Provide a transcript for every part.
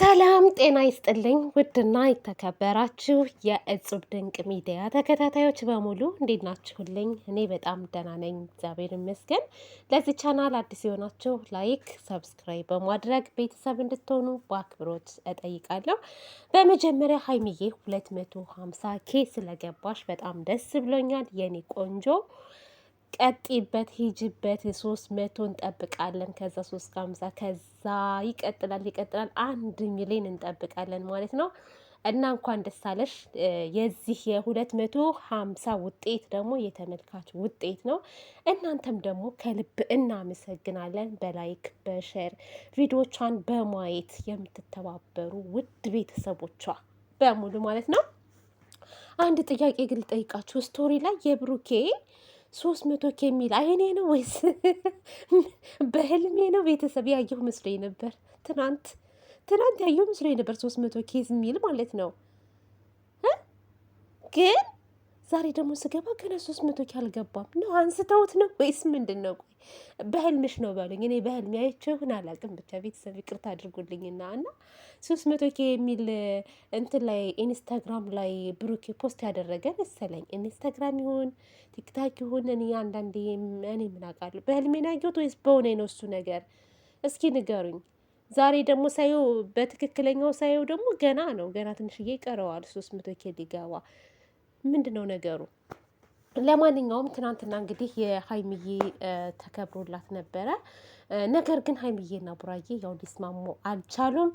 ሰላም ጤና ይስጥልኝ። ውድና የተከበራችሁ የእጹብ ድንቅ ሚዲያ ተከታታዮች በሙሉ እንዴት ናችሁልኝ? እኔ በጣም ደህና ነኝ፣ እግዚአብሔር ይመስገን። ለዚህ ቻናል አዲስ የሆናችሁ ላይክ፣ ሰብስክራይብ በማድረግ ቤተሰብ እንድትሆኑ በአክብሮት እጠይቃለሁ። በመጀመሪያ ሀይሚዬ ሁለት መቶ ሀምሳ ኬ ስለገባሽ በጣም ደስ ብሎኛል የኔ ቆንጆ ቀጢበት ሂጅበት። ሶስት መቶ እንጠብቃለን። ከዛ ሶስት ከሀምሳ ከዛ ይቀጥላል ይቀጥላል። አንድ ሚሊዮን እንጠብቃለን ማለት ነው። እና እንኳን ደስ አለሽ። የዚህ የሁለት መቶ ሀምሳ ውጤት ደግሞ የተመልካች ውጤት ነው። እናንተም ደግሞ ከልብ እናመሰግናለን። በላይክ በሸር ቪዲዮቿን በማየት የምትተባበሩ ውድ ቤተሰቦቿ በሙሉ ማለት ነው። አንድ ጥያቄ ግል ጠይቃችሁ ስቶሪ ላይ የብሩኬ ሶስት መቶ ኬሚል አይኔ ነው ወይስ በህልሜ ነው? ቤተሰብ ያየሁ መስሎኝ ነበር። ትናንት ትናንት ያየሁ መስሎኝ ነበር ሶስት መቶ ኬዝ ሚል ማለት ነው ግን ዛሬ ደግሞ ስገባ ገና ሶስት መቶ ኪ አልገባም ነው አንስተውት ነው ወይስ ምንድን ነው? ቆይ በህልምሽ ነው በሉኝ። እኔ በህልም ያየችውን አላውቅም። ብቻ ቤተሰብ ይቅርታ አድርጉልኝና እና ሶስት መቶ ኪ የሚል እንትን ላይ ኢንስታግራም ላይ ብሩኬ ፖስት ያደረገ መሰለኝ። ኢንስታግራም ይሁን ቲክታክ ይሁን እኔ አንዳንዴ እኔ ምን አውቃለሁ በህልሜ ናየሁት ወይስ በሆነ ነው እሱ ነገር እስኪ ንገሩኝ። ዛሬ ደግሞ ሳየው በትክክለኛው ሳየው ደግሞ ገና ነው ገና ትንሽዬ ይቀረዋል ሶስት መቶ ኬ ሊገባ ምንድን ነው ነገሩ? ለማንኛውም ትናንትና እንግዲህ የሀይሚዬ ተከብሮላት ነበረ። ነገር ግን ሀይሚዬና ቡራዬ ያው ሊስማሙ አልቻሉም።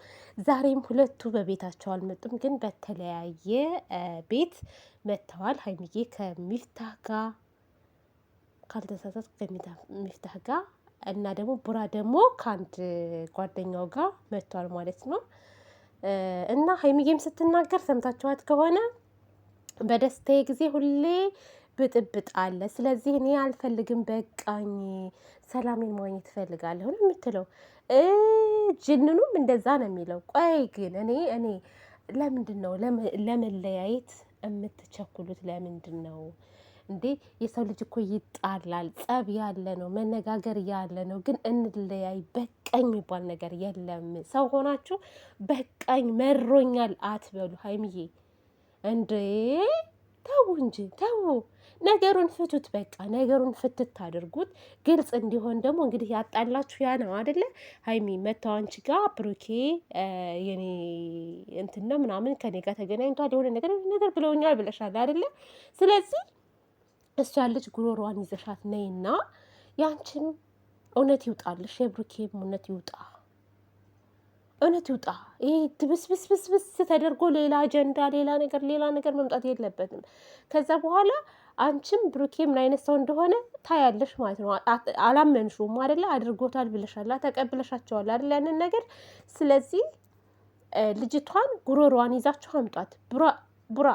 ዛሬም ሁለቱ በቤታቸው አልመጡም፣ ግን በተለያየ ቤት መጥተዋል። ሀይሚዬ ከሚፍታህ ጋር ካልተሳሳት ከሚፍታህ ጋር እና ደግሞ ቡራ ደግሞ ከአንድ ጓደኛው ጋር መጥቷል ማለት ነው እና ሀይሚዬም ስትናገር ሰምታችኋት ከሆነ በደስታ ጊዜ ሁሌ ብጥብጥ አለ። ስለዚህ እኔ አልፈልግም በቃኝ ሰላሜን ማግኘት እፈልጋለሁ ነው የምትለው። ጅንኑም እንደዛ ነው የሚለው። ቆይ ግን እኔ እኔ ለምንድን ነው ለመለያየት የምትቸኩሉት? ለምንድን ነው እንዴ? የሰው ልጅ እኮ ይጣላል፣ ጸብ ያለ ነው፣ መነጋገር ያለ ነው። ግን እንለያይ በቃኝ የሚባል ነገር የለም። ሰው ሆናችሁ በቃኝ መሮኛል አትበሉ። ሀይምዬ። እንዴ ተው እንጂ ተው። ነገሩን ፍቱት፣ በቃ ነገሩን ፍትት አድርጉት። ግልጽ እንዲሆን ደግሞ እንግዲህ ያጣላችሁ ያ ነው አደለ? ሀይሚ መታዋንች ጋ ጋር ብሩኬ የኔ እንትን ነው ምናምን ከኔ ጋር ተገናኝቷል የሆነ ነገር ነገር ብለውኛል ብለሻል አደለ? ስለዚህ እሷ ያለች ጉሮሯን ይዘሻት ነይና ያንችን እውነት ይውጣልሽ፣ የብሩኬም እውነት ይውጣ። እውነት ይውጣ። ይህ ብስብስብስብስ ተደርጎ ሌላ አጀንዳ፣ ሌላ ነገር፣ ሌላ ነገር መምጣት የለበትም። ከዛ በኋላ አንቺም ብሩኬ ምን አይነት ሰው እንደሆነ ታያለሽ ማለት ነው። አላመንሽውም አደለ? አድርጎታል ብለሻላ፣ ተቀብለሻቸዋል አደለ? ያንን ነገር ስለዚህ ልጅቷን ጉሮሯን ይዛችሁ አምጧት። ቡራ ቡራ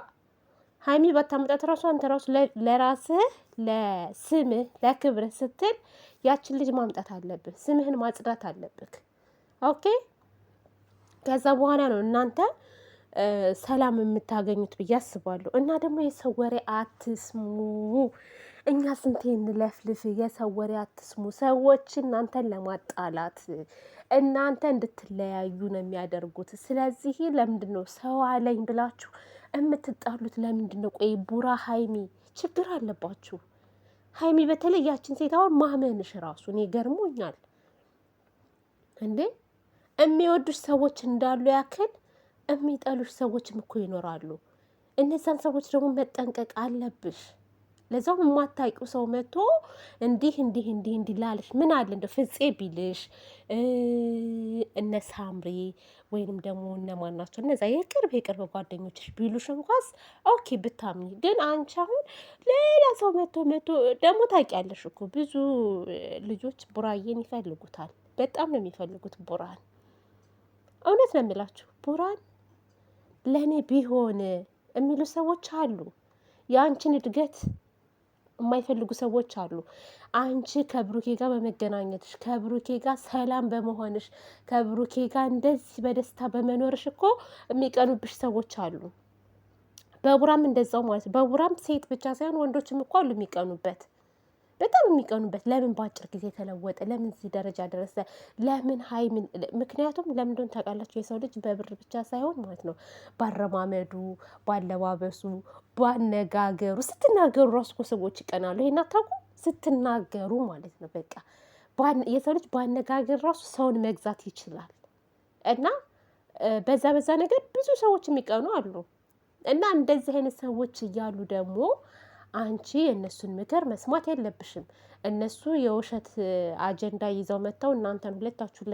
ሀይሚ ባታመጣት ራሱ አንተ ራሱ ለራስህ ለስምህ ለክብርህ ስትል ያችን ልጅ ማምጣት አለብህ። ስምህን ማጽዳት አለብህ። ኦኬ ከዛ በኋላ ነው እናንተ ሰላም የምታገኙት ብዬ አስባለሁ። እና ደግሞ የሰው ወሬ አትስሙ። እኛ ስንቴ እንለፍልፍ፣ የሰው ወሬ አትስሙ። ሰዎች እናንተን ለማጣላት እናንተ እንድትለያዩ ነው የሚያደርጉት። ስለዚህ ለምንድን ነው ሰው አለኝ ብላችሁ የምትጣሉት? ለምንድን ነው? ቆይ ቡራ ሀይሚ ችግር አለባችሁ። ሀይሚ በተለይ ያችን ሴት አሁን ማመንሽ ራሱ እኔ ገርሞኛል እንዴ የሚወዱሽ ሰዎች እንዳሉ ያክል የሚጠሉሽ ሰዎችም እኮ ይኖራሉ። እነዛን ሰዎች ደግሞ መጠንቀቅ አለብሽ። ለዛው የማታውቂው ሰው መጥቶ እንዲህ እንዲህ እንዲህ እንዲህ ላልሽ ምን አለ እንደ ፍጼ ቢልሽ እነ ሳምሪ ወይንም ደግሞ እነማን ናቸው እነዛ የቅርብ የቅርብ ጓደኞችሽ ቢሉሽ እንኳስ ኦኬ ብታምኝ። ግን አንቺ አሁን ሌላ ሰው መቶ መቶ ደግሞ ታውቂያለሽ እኮ ብዙ ልጆች ቡራዬን ይፈልጉታል። በጣም ነው የሚፈልጉት ቡራን እውነት ነው የሚላችሁ ቡራን ለእኔ ቢሆን የሚሉ ሰዎች አሉ። የአንችን እድገት የማይፈልጉ ሰዎች አሉ። አንቺ ከብሩኬ ጋር በመገናኘትሽ፣ ከብሩኬ ጋር ሰላም በመሆንሽ፣ ከብሩኬ ጋር እንደዚህ በደስታ በመኖርሽ እኮ የሚቀኑብሽ ሰዎች አሉ። በቡራም እንደዛው ማለት ነው። በቡራም ሴት ብቻ ሳይሆን ወንዶችም እኮ አሉ የሚቀኑበት። በጣም የሚቀኑበት ለምን በአጭር ጊዜ ተለወጠ፣ ለምን እዚህ ደረጃ ደረሰ፣ ለምን ሀይ ምክንያቱም ለምን እንደሆነ ታውቃላችሁ? የሰው ልጅ በብር ብቻ ሳይሆን ማለት ነው ባረማመዱ፣ ባለባበሱ፣ ባነጋገሩ ስትናገሩ ራሱ እኮ ሰዎች ይቀናሉ። ይሄን አታውቁም? ስትናገሩ ማለት ነው በቃ የሰው ልጅ ባነጋገር ራሱ ሰውን መግዛት ይችላል። እና በዛ በዛ ነገር ብዙ ሰዎች የሚቀኑ አሉ። እና እንደዚህ አይነት ሰዎች እያሉ ደግሞ አንቺ የእነሱን ምክር መስማት የለብሽም። እነሱ የውሸት አጀንዳ ይዘው መጥተው እናንተን ሁለታችሁን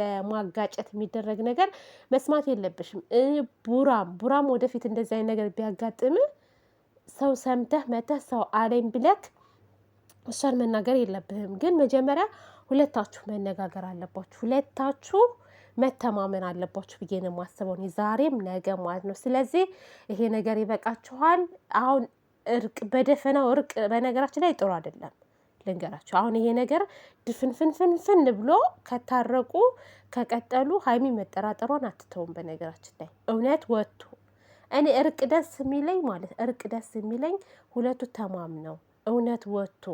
ለማጋጨት የሚደረግ ነገር መስማት የለብሽም። ቡራም ቡራም ወደፊት እንደዚህ አይነት ነገር ቢያጋጥም ሰው ሰምተህ መተህ ሰው አለኝ ብለክ እሷን መናገር የለብህም። ግን መጀመሪያ ሁለታችሁ መነጋገር አለባችሁ። ሁለታችሁ መተማመን አለባችሁ ብዬ ነው የማስበው፣ ዛሬም ነገ ማለት ነው። ስለዚህ ይሄ ነገር ይበቃችኋል አሁን እርቅ በደፈናው እርቅ በነገራችን ላይ ጥሩ አይደለም። ልንገራቸው አሁን ይሄ ነገር ድፍንፍንፍንፍን ብሎ ከታረቁ ከቀጠሉ ሀይሚ መጠራጠሯን አትተውም። በነገራችን ላይ እውነት ወጥቶ እኔ እርቅ ደስ የሚለኝ ማለት እርቅ ደስ የሚለኝ ሁለቱ ተማምነው እውነት ወጥቶ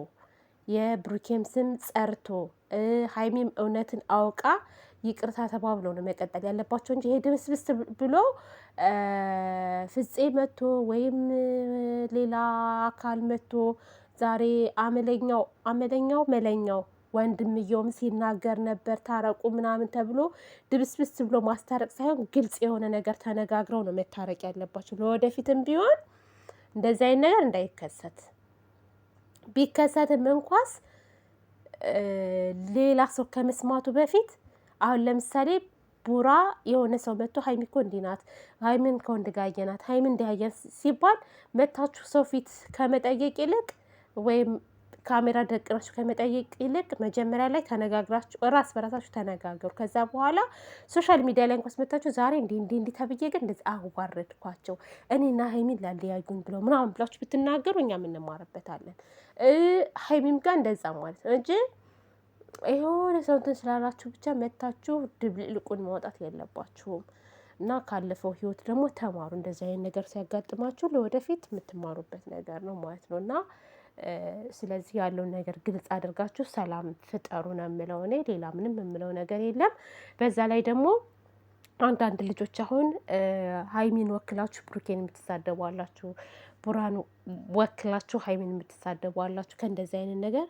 የብሩኬም ስም ጸርቶ ሀይሚም እውነትን አውቃ ይቅርታ ተባብሎ ነው መቀጠል ያለባቸው እንጂ ይሄ ድብስብስ ብሎ ፍፄ መጥቶ ወይም ሌላ አካል መጥቶ ዛሬ አመለኛው አመለኛው መለኛው ወንድምየውም ሲናገር ነበር ታረቁ ምናምን ተብሎ ድብስብስ ብሎ ማስታረቅ ሳይሆን ግልጽ የሆነ ነገር ተነጋግረው ነው መታረቅ ያለባቸው። ለወደፊትም ቢሆን እንደዚህ አይነት ነገር እንዳይከሰት ቢከሰትም እንኳስ ሌላ ሰው ከመስማቱ በፊት አሁን ለምሳሌ ቡራ የሆነ ሰው መጥቶ ሀይሚ እኮ እንዲህ ናት፣ ሀይሚን ከወንድ ጋር አየናት፣ ሀይሚን እንዲህ አየን ሲባል መታችሁ ሰው ፊት ከመጠየቅ ይልቅ ወይም ካሜራ ደቅናችሁ ከመጠየቅ ይልቅ መጀመሪያ ላይ ተነጋግራችሁ እራስ በራሳችሁ ተነጋገሩ። ከዛ በኋላ ሶሻል ሚዲያ ላይ እንኳስ መታችሁ ዛሬ እንዲ እንዲ እንዲ ተብዬ ግን እንደዚህ አዋረድኳቸው እኔና ሀይሚን ላለያዩኝ ብሎ ምናምን ብላችሁ ብትናገሩ እኛ እንማርበታለን። ሀይሚም ጋር እንደዛ ማለት ነው እንጂ የሆነ ሰው እንትን ስላላችሁ ብቻ መታችሁ ድብልቅልቁን ማውጣት የለባችሁም እና ካለፈው ህይወት ደግሞ ተማሩ። እንደዚህ አይነት ነገር ሲያጋጥማችሁ ለወደፊት የምትማሩበት ነገር ነው ማለት ነው እና ስለዚህ ያለውን ነገር ግልጽ አድርጋችሁ ሰላም ፍጠሩ ነው የምለው እኔ። ሌላ ምንም የምለው ነገር የለም። በዛ ላይ ደግሞ አንዳንድ ልጆች አሁን ሀይሚን ወክላችሁ ብሩኬን የምትሳደቧላችሁ፣ ቡራን ወክላችሁ ሀይሚን የምትሳደቧላችሁ ከእንደዚህ አይነት ነገር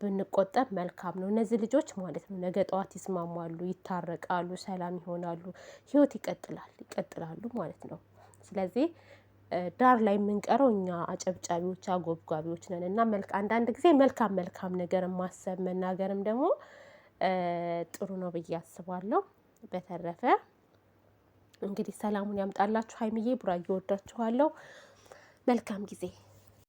ብንቆጠብ መልካም ነው። እነዚህ ልጆች ማለት ነው ነገ ጠዋት ይስማማሉ፣ ይታረቃሉ፣ ሰላም ይሆናሉ፣ ህይወት ይቀጥላል ይቀጥላሉ ማለት ነው። ስለዚህ ዳር ላይ የምንቀረው እኛ አጨብጫቢዎች አጎብጓቢዎች ነን እና አንዳንድ ጊዜ መልካም መልካም ነገር ማሰብ መናገርም ደግሞ ጥሩ ነው ብዬ አስባለሁ። በተረፈ እንግዲህ ሰላሙን ያምጣላችሁ። ሀይምዬ ቡራ እየወዳችኋለሁ። መልካም ጊዜ